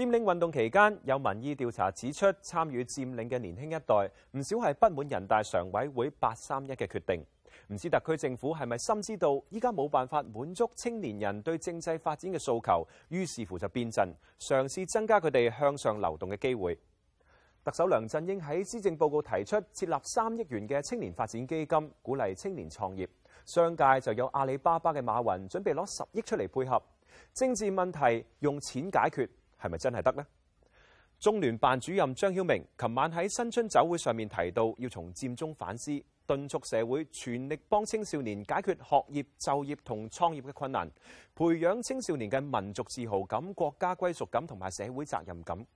佔領運動期間，有民意調查指出，參與佔領嘅年輕一代唔少係不滿人大常委會八三一嘅決定。唔知特區政府係咪深知道依家冇辦法滿足青年人對政制發展嘅訴求，於是乎就變陣，嘗試增加佢哋向上流動嘅機會。特首梁振英喺施政報告提出設立三億元嘅青年發展基金，鼓勵青年創業。商界就有阿里巴巴嘅馬雲準備攞十億出嚟配合。政治問題，用錢解決。係咪真係得呢？中聯辦主任張曉明琴晚喺新春酒會上面提到，要從佔中反思，敦促社會全力幫青少年解決學業、就業同創業嘅困難，培養青少年嘅民族自豪感、國家歸屬感同埋社會責任感。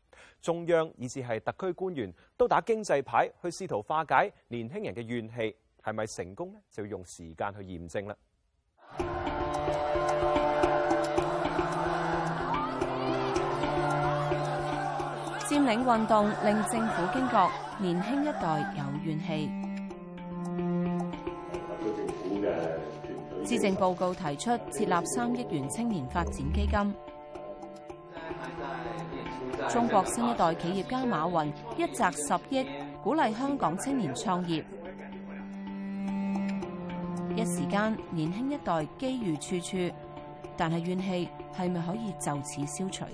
中央以至係特區官員都打經濟牌去試圖化解年輕人嘅怨氣，係咪成功呢？就要用時間去驗證啦。 佔領運動令政府驚覺年輕一代有怨氣。施政報告提出設立三億元青年發展基金。中國新一代企業家馬雲一擲十億鼓勵香港青年創業。一時間年輕一代機遇處處，但係怨氣係咪可以就此消除？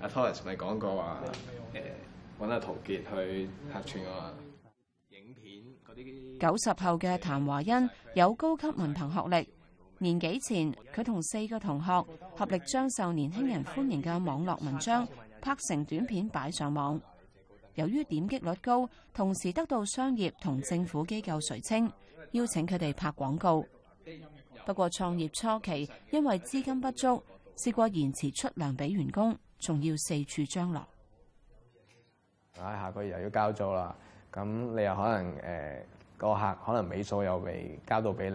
阿托雷斯咪講過話，誒揾阿陶傑去客串㗎嘛。影片九十後嘅譚華欣有高級文憑學歷，年幾前佢同四個同學合力將受年輕人歡迎嘅網絡文章拍成短片擺上網。由於點擊率高，同時得到商業同政府機構垂青，邀請佢哋拍廣告。不過創業初期因為資金不足，試過延遲出糧俾員工。仲要四處張羅，唉，下個月又要交租啦。咁你又可能誒個客可能尾數又未交到俾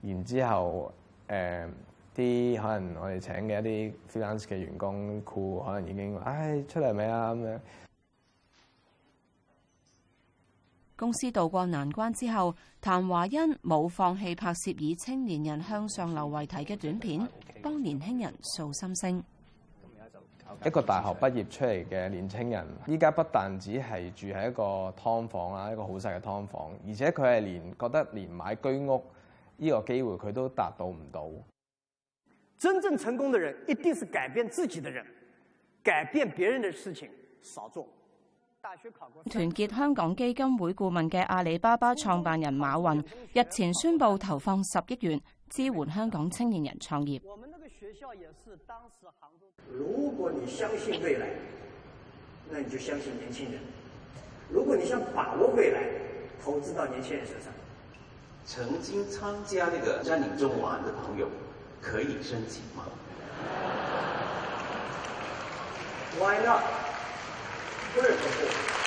你，然之後誒啲可能我哋請嘅一啲 freelance 嘅員工，僱可能已經唉出嚟未啊？咁樣，公司渡過難關之後，譚華欣冇放棄拍攝以青年人向上流為題嘅短片，幫年輕人訴心聲。一個大學畢業出嚟嘅年輕人，依家不但只係住喺一個劏房啊，一個好細嘅劏房，而且佢係連覺得連買居屋呢個機會佢都達到唔到。真正成功的人，一定是改變自己的人，改變別人的事情少做。大學考過，團結香港基金會顧問嘅阿里巴巴創辦人馬雲日前宣布投放十億元。支援香港青年人創業。我們那個學校也是當時杭州。如果你相信未來，那你就相信年輕人。如果你想把握未來，投資到年輕人身上。曾經參加那個佔領中環的朋友，可以申請嗎？Why not？為什麼？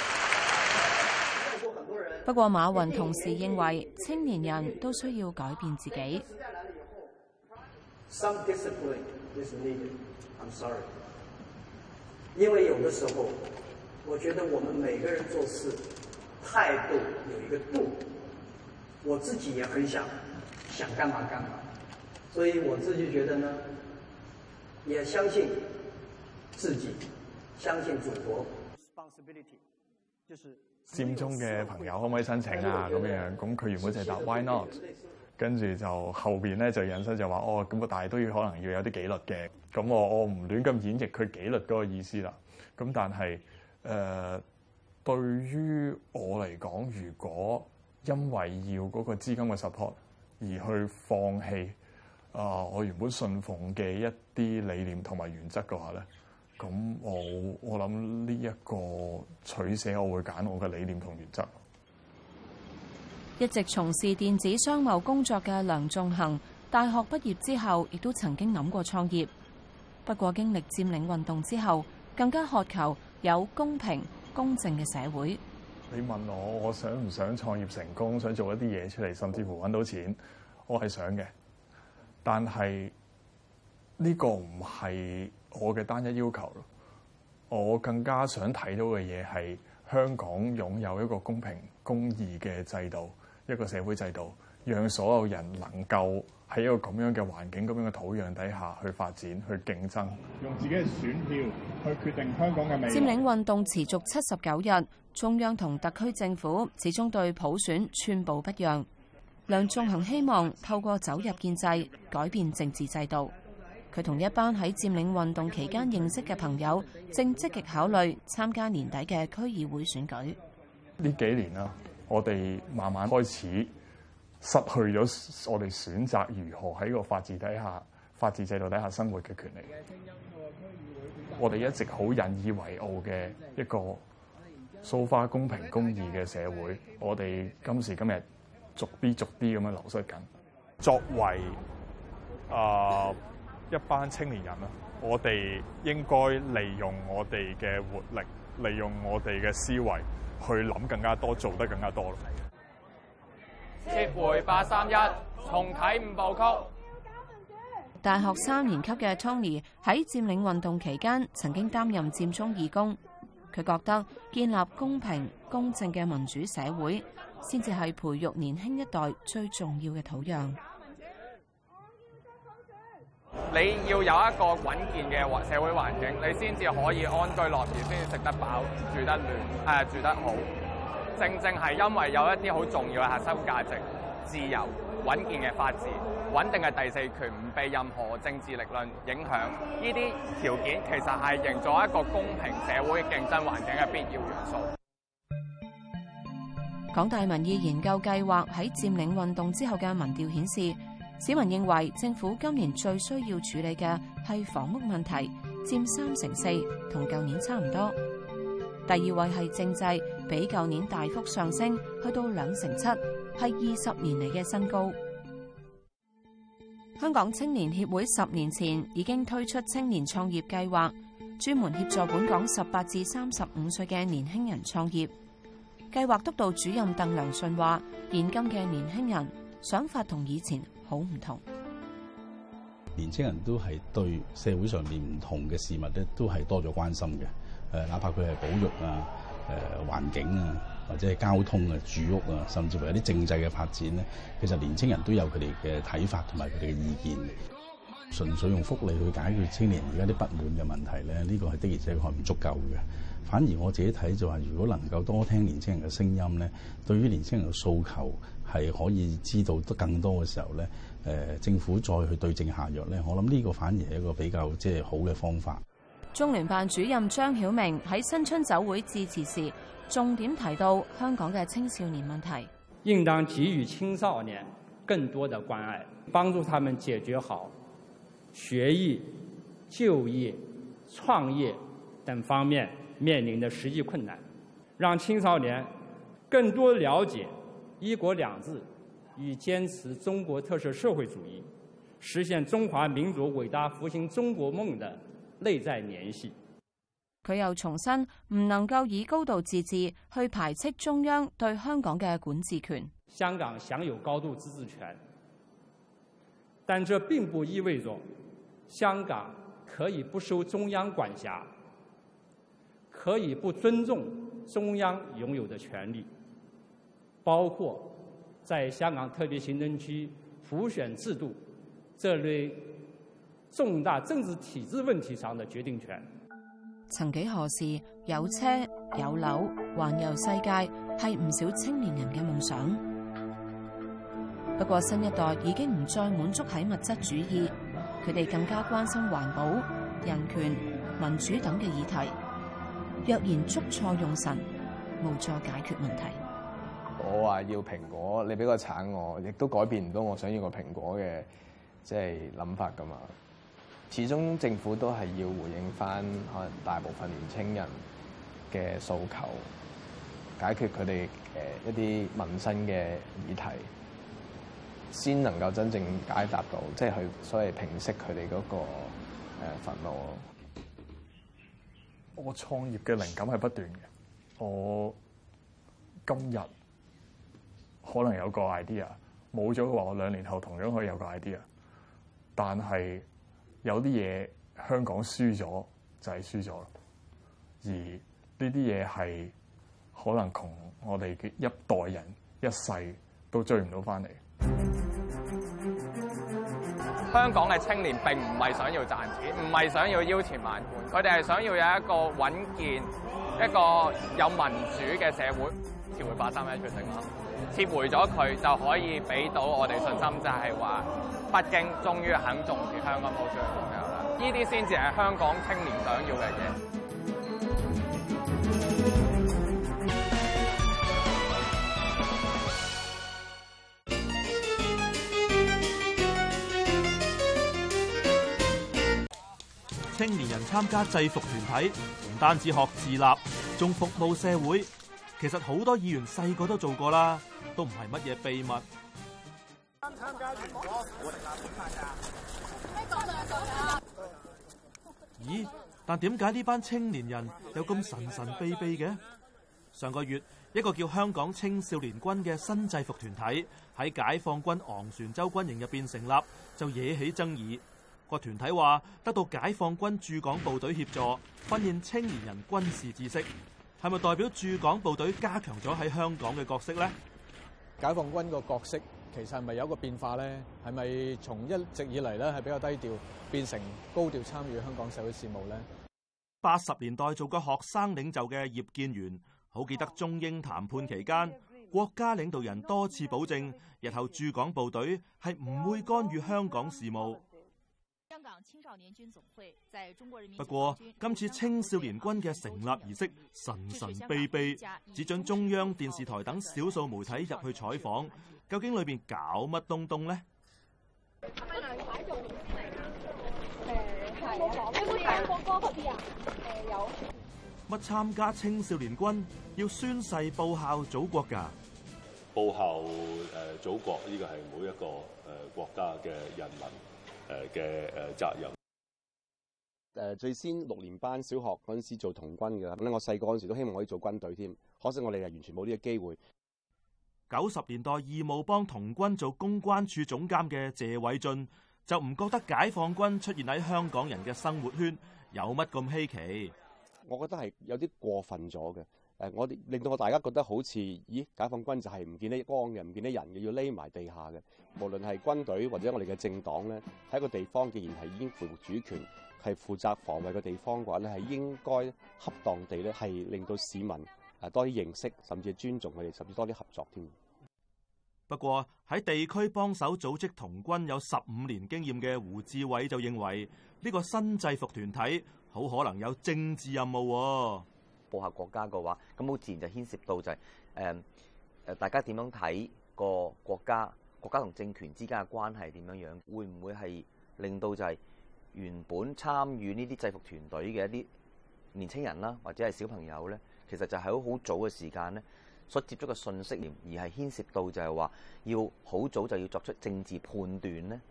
不過，馬雲同時認為青年人都需要改變自己 Some is I'm sorry。因為有的時候，我覺得我們每個人做事態度有一個度。我自己也很想想幹嘛幹嘛，所以我自己覺得呢，也相信自己，相信祖國，就是。佔中嘅朋友可唔可以申請啊？咁樣樣，咁佢原本就係答 Why not？跟住就後邊咧就引申就話哦，咁啊大都要可能要有啲紀律嘅，咁我我唔亂咁演繹佢紀律嗰個意思啦。咁但係誒、呃，對於我嚟講，如果因為要嗰個資金嘅 support 而去放棄啊、呃、我原本信奉嘅一啲理念同埋原則嘅話咧。咁我我諗呢一個取捨，我會揀我嘅理念同原則。一直從事電子商貿工作嘅梁仲恒，大學畢業之後，亦都曾經諗過創業。不過經歷佔領運動之後，更加渴求有公平公正嘅社會。你問我，我想唔想創業成功，想做一啲嘢出嚟，甚至乎搵到錢，我係想嘅。但係呢個唔係。我嘅單一要求，我更加想睇到嘅嘢係香港擁有一個公平公義嘅制度，一個社會制度，讓所有人能夠喺一個咁樣嘅環境、咁樣嘅土壤底下去發展、去競爭，用自己嘅選票去決定香港嘅命。佔領運動持續七十九日，中央同特區政府始終對普選寸步不讓。梁頌恒希望透過走入建制，改變政治制度。佢同一班喺佔領運動期間認識嘅朋友，正積極考慮參加年底嘅區議會選舉。呢幾年啦，我哋慢慢開始失去咗我哋選擇如何喺個法治底下、法治制度底下生活嘅權利。我哋一直好引以為傲嘅一個疏化公平公義嘅社會，我哋今時今日逐啲逐啲咁樣流失緊。作為啊～一班青年人啊！我哋應該利用我哋嘅活力，利用我哋嘅思維，去諗更加多，做得更加多咯。撤回八三一，重啟五步曲。大學三年級嘅 Tony 喺佔領運動期間曾經擔任佔中義工，佢覺得建立公平公正嘅民主社會，先至係培育年輕一代最重要嘅土壤。你要有一個穩健嘅環社會環境，你先至可以安居樂業，先至食得飽、住得暖、誒、呃、住得好。正正係因為有一啲好重要嘅核心價值、自由、穩健嘅法治、穩定嘅第四權，唔被任何政治力量影響，呢啲條件其實係營造一個公平社會競爭環境嘅必要元素。港大民意研究計劃喺佔領運動之後嘅民調顯示，市民認為政府今年最需要處理嘅係房屋問題，佔三成四，同舊年差唔多。第二位係政制，比舊年大幅上升，去到兩成七，係二十年嚟嘅新高。香港青年協會十年前已經推出青年創業計劃，專門協助本港十八至三十五歲嘅年輕人創業。計劃督導主任鄧良順話：現今嘅年輕人想法同以前。好唔同，年青人都係對社會上面唔同嘅事物咧，都係多咗關心嘅。誒，哪怕佢係保育啊、誒、啊、環境啊，或者係交通啊、住屋啊，甚至乎有啲政制嘅發展咧，其實年青人都有佢哋嘅睇法同埋佢哋嘅意見。純粹用福利去解決青年而家啲不滿嘅問題咧，呢、呢個係的而且確唔足夠嘅。反而我自己睇就話，如果能夠多聽年輕人嘅聲音咧，對於年輕人嘅訴求係可以知道得更多嘅時候咧，誒，政府再去對症下藥咧，我諗呢個反而係一個比較即係好嘅方法。中聯辦主任張曉明喺新春酒會致辭時，重點提到香港嘅青少年問題，應當給予青少年更多嘅關愛，幫助他們解決好學業、就業、創業等方面。面臨的實際困難，讓青少年更多了解“一國兩制”與堅持中國特色社會主義、實現中華民族偉大復興中國夢的內在聯繫。佢又重申，唔能夠以高度自治去排斥中央對香港嘅管治權。香港享有高度自治權，但這並不意味着香港可以不受中央管轄。可以不尊重中央擁有的權力，包括在香港特別行政區普選制度這類重大政治體制問題上的決定權。曾幾何時，有車有樓環遊世界係唔少青年人嘅夢想。不過，新一代已經唔再滿足喺物質主義，佢哋更加關心環保、人權、民主等嘅議題。若然捉錯用神，無助解決問題。我話要蘋果，你俾個橙我，亦都改變唔到我想要個蘋果嘅即係諗法㗎嘛。始終政府都係要回應返，可能大部分年青人嘅訴求，解決佢哋誒一啲民生嘅議題，先能夠真正解答到，即係去所謂平息佢哋嗰個誒憤怒。我創業嘅靈感係不斷嘅，我今日可能有個 idea，冇咗嘅話我兩年後同樣可以有個 idea。但係有啲嘢香港輸咗就係輸咗，而呢啲嘢係可能窮我哋嘅一代人一世都追唔到翻嚟。香港嘅青年並唔係想要賺錢，唔係想要腰纏萬貫，佢哋係想要有一個穩健、一個有民主嘅社會，撤回八三一決定啦，撤回咗佢就可以俾到我哋信心就是說，就係話北京終於肯重視香港嘅需求啦，呢啲先至係香港青年想要嘅嘢。青年人參加制服團體，唔單止學自立，仲服務社會。其實好多議員細個都做過啦，都唔係乜嘢秘密。咦？但點解呢班青年人有咁神神秘秘嘅？上個月，一個叫香港青少年軍嘅新制服團體喺解放軍昂船洲軍營入邊成立，就惹起爭議。個團體話得到解放軍駐港部隊協助，訓練青年人軍事知識，係咪代表駐港部隊加強咗喺香港嘅角色呢？解放軍個角色其實係咪有個變化呢？係咪從一直以嚟咧，係比較低調，變成高調參與香港社會事務呢？八十年代做過學生領袖嘅葉建源好記得中英談判期間，國家領導人多次保證日後駐港部隊係唔會干預香港事務。中不過今次青少年軍嘅成立儀式神神秘秘，只准中央電視台等少數媒體入去採訪。究竟裏邊搞乜東東呢？乜參加青少年軍要宣誓報效祖國噶？報效誒，祖國呢個係每一個誒國家嘅人民。誒嘅誒責任誒，最先六年班小學嗰陣時做童軍嘅啦，咁咧我細個嗰陣時都希望可以做軍隊添，可惜我哋係完全冇呢個機會。九十年代義務幫童軍做公關處總監嘅謝偉俊，就唔覺得解放軍出現喺香港人嘅生活圈有乜咁稀奇？我覺得係有啲過分咗嘅。誒，我哋令到我大家覺得好似，咦，解放軍就係唔見得光嘅，唔見得人嘅，要匿埋地下嘅。無論係軍隊或者我哋嘅政黨咧，喺一個地方既然係已經恢復主權，係負責防衛嘅地方嘅話咧，係應該恰當地咧，係令到市民誒多啲認識，甚至尊重佢哋，甚至多啲合作添。不過喺地區幫手組織童軍有十五年經驗嘅胡志偉就認為，呢個新制服團體好可能有政治任務喎。符合國家嘅話，咁好自然就牽涉到就係誒誒，大家點樣睇個國家、國家同政權之間嘅關係點樣樣？會唔會係令到就係原本參與呢啲制服團隊嘅一啲年青人啦，或者係小朋友咧，其實就喺好早嘅時間咧，所接觸嘅信息連而係牽涉到就係話要好早就要作出政治判斷咧？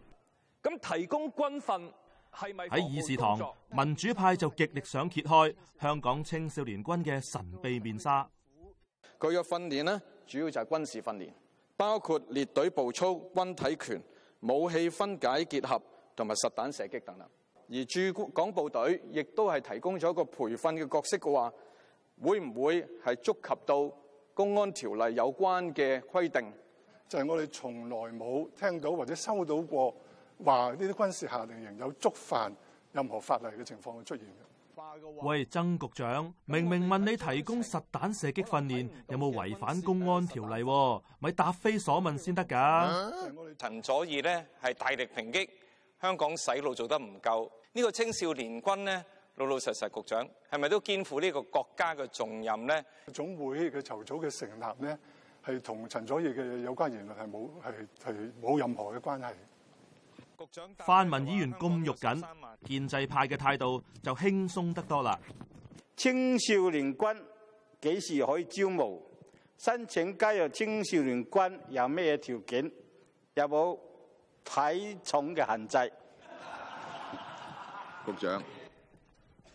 咁提供軍訓。喺議事堂，民主派就極力想揭開香港青少年軍嘅神秘面紗。佢嘅訓練呢，主要就係軍事訓練，包括列隊步操、軍體拳、武器分解結合同埋實彈射擊等等。而駐港部隊亦都係提供咗一個培訓嘅角色嘅話，會唔會係觸及到公安條例有關嘅規定？就係、是、我哋從來冇聽到或者收到過。話呢啲軍事下令人有觸犯任何法例嘅情況會出現嘅。喂，曾局長，明明問你提供實彈射擊訓練有冇違反公安條例，咪、啊、答非所問先得㗎。陳佐義呢，係大力抨擊香港洗腦做得唔夠。呢、呢個青少年軍呢，老老實實，局長係咪都肩負呢個國家嘅重任呢？總會嘅籌組嘅成立呢，係同陳佐義嘅有關言論係冇係係冇任何嘅關係。泛民議員咁肉緊，建制派嘅態度就輕鬆得多啦。青少年軍幾時可以招募？申請加入青少年軍有咩條件？有冇體重嘅限制？局長，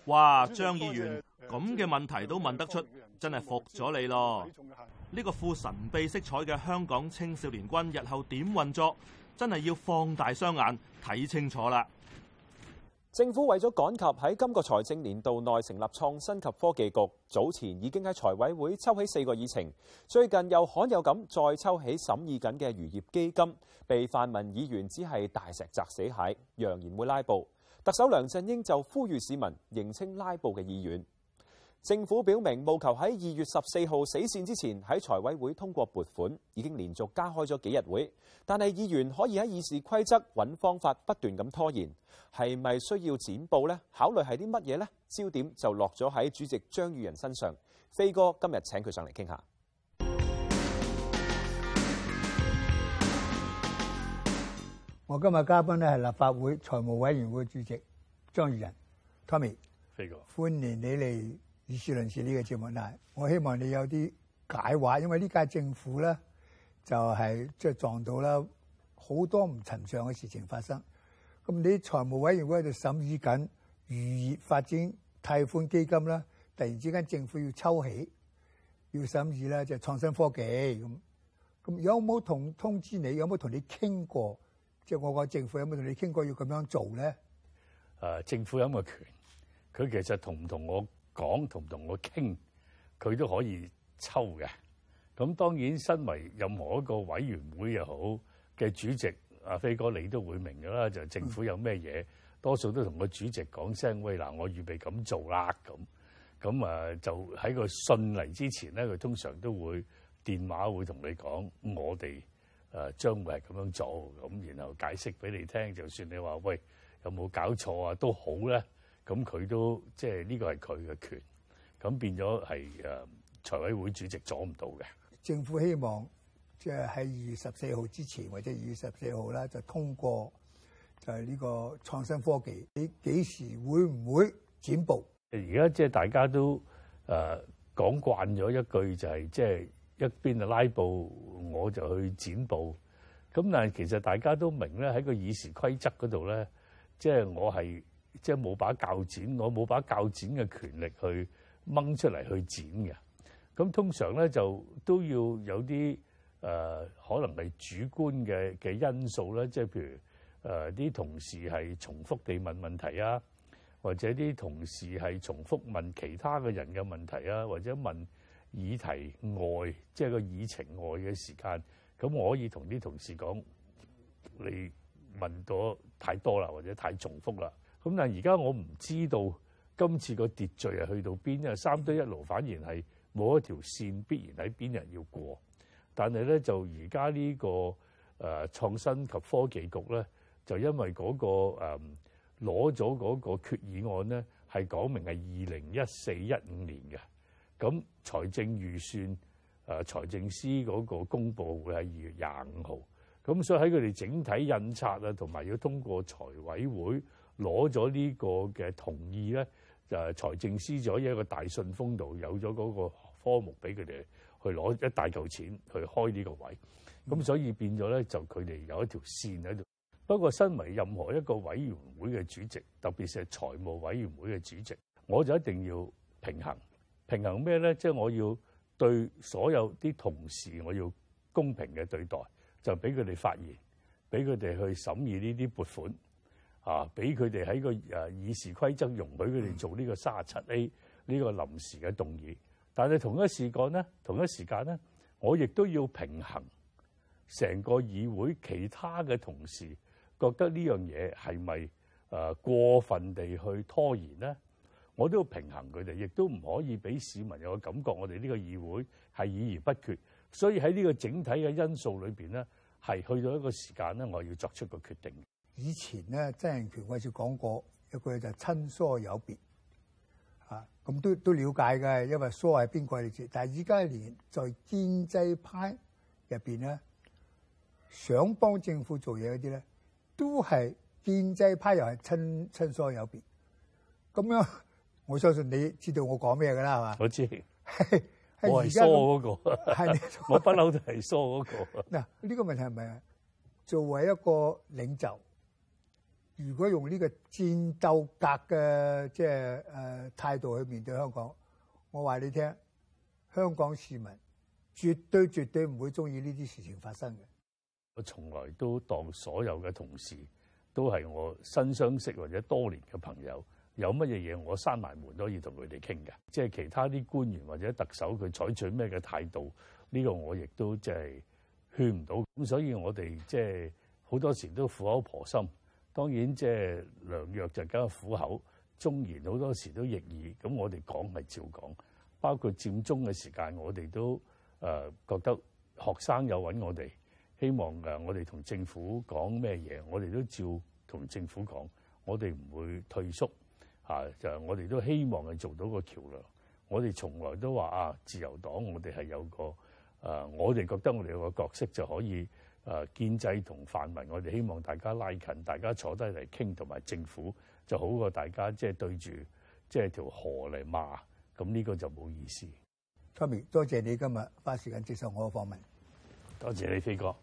哇，張議員咁嘅問題都問得出，真係服咗你咯！呢個富神秘色彩嘅香港青少年軍日後點運作？真係要放大雙眼睇清楚啦！政府為咗趕及喺今個財政年度內成立創新及科技局，早前已經喺財委會抽起四個議程，最近又罕有咁再抽起審議緊嘅漁業基金，被泛民議員只係大石砸死蟹，揚言會拉布。特首梁振英就呼籲市民認清拉布嘅議員。政府表明務求喺二月十四號死線之前喺財委會通過撥款，已經連續加開咗幾日會，但係議員可以喺議事規則揾方法不斷咁拖延，係咪需要剪布呢？考慮係啲乜嘢呢？焦點就落咗喺主席張宇人身上。飛哥今日請佢上嚟傾下。我今日嘉賓咧係立法會財務委員會主席張宇人，Tommy，飛哥，歡迎你嚟。議事論事呢個節目啦，我希望你有啲解話，因為呢屆政府咧就係即係撞到啦好多唔尋常嘅事情發生。咁你財務委員會喺度審議緊漁業發展貸款基金啦，突然之間政府要抽起要審議咧，就係創新科技，咁咁有冇同通知你，有冇同你傾過？即係我個政府有冇同你傾過要咁樣做咧？誒、啊，政府有冇權？佢其實同唔同我？講同唔同我傾，佢都可以抽嘅。咁當然，身為任何一個委員會又好嘅主席，阿飛哥你都會明㗎啦。就政府有咩嘢、嗯，多數都同個主席講聲，喂嗱，我預備咁做啦。咁咁啊，就喺個信嚟之前咧，佢通常都會電話會同你講，我哋誒、呃、將會係咁樣做，咁然後解釋俾你聽。就算你話喂有冇搞錯啊，都好咧。咁佢都即係呢個係佢嘅權，咁變咗係誒財委會主席阻唔到嘅。政府希望即係喺二月十四號之前，或者二月十四號啦，就通過就係呢個創新科技，你幾時會唔會剪布？而家即係大家都誒講慣咗一句，就係即係一邊就拉布，我就去剪布。咁但係其實大家都明咧，喺個議事規則嗰度咧，即係我係。即係冇把鉸剪，我冇把鉸剪嘅權力去掹出嚟去剪嘅。咁通常咧就都要有啲誒、呃、可能係主觀嘅嘅因素咧。即係譬如誒啲、呃、同事係重複地問問題啊，或者啲同事係重複問其他嘅人嘅問題啊，或者問議題外，即係個議程外嘅時間，咁我可以同啲同事講，你問咗太多啦，或者太重複啦。咁但而家我唔知道今次個秩序係去到邊，因為三堆一爐反而係冇一條線必然喺邊。人要過，但係咧就而家呢個誒、呃、創新及科技局咧，就因為嗰、那個攞咗嗰個決議案咧，係講明係二零一四一五年嘅。咁財政預算誒、呃、財政司嗰個公佈會係二月廿五號，咁所以喺佢哋整體印刷啊，同埋要通過財委會。攞咗呢個嘅同意咧，就係財政司就在一個大信封度有咗嗰個科目俾佢哋去攞一大嚿錢去開呢個位，咁所以變咗咧就佢哋有一條線喺度。不過，身為任何一個委員會嘅主席，特別係財務委員會嘅主席，我就一定要平衡。平衡咩咧？即係我要對所有啲同事，我要公平嘅對待，就俾佢哋發言，俾佢哋去審議呢啲撥款。啊！俾佢哋喺個誒議事規則容許佢哋做呢個三十七 A 呢個臨時嘅動議，但係同一時間咧，同一時間咧，我亦都要平衡成個議會其他嘅同事覺得呢樣嘢係咪誒過分地去拖延咧？我都要平衡佢哋，亦都唔可以俾市民有個感覺，我哋呢個議會係議而不決。所以喺呢個整體嘅因素裏邊咧，係去到一個時間咧，我要作出個決定。以前咧，曾蔭權我似講過，一句就係親疏有別啊，咁都都了解嘅，因為疏係邊個嚟嘅？但係依家連在建制派入邊咧，想幫政府做嘢嗰啲咧，都係建制派又係親親疏有別，咁樣我相信你知道我講咩嘅啦，係嘛？我知，我係疏嗰個，說我不嬲都係疏嗰個。嗱、啊，呢、這個問題係咪作為一個領袖？如果用呢個戰鬥格嘅即係誒態度去面對香港，我話你聽，香港市民絕對絕對唔會中意呢啲事情發生嘅。我從來都當所有嘅同事都係我新相識或者多年嘅朋友，有乜嘢嘢我閂埋門都可以同佢哋傾嘅。即係其他啲官員或者特首佢採取咩嘅態度，呢個我亦都即係勸唔到。咁所以我哋即係好多時都苦口婆心。當然，即係良藥就加苦口，忠言好多時都逆耳。咁我哋講係照講，包括佔中嘅時間，我哋都誒覺得學生有揾我哋，希望誒我哋同政府講咩嘢，我哋都照同政府講，我哋唔會退縮吓。就係、是、我哋都希望係做到個橋樑。我哋從來都話啊，自由黨我哋係有個誒、啊，我哋覺得我哋有個角色就可以。誒建制同泛民，我哋希望大家拉近，大家坐低嚟傾，同埋政府就好過，大家即係對住即係條河嚟罵，咁呢個就冇意思。Tommy，多謝你今日花時間接受我嘅訪問。多謝你飛哥。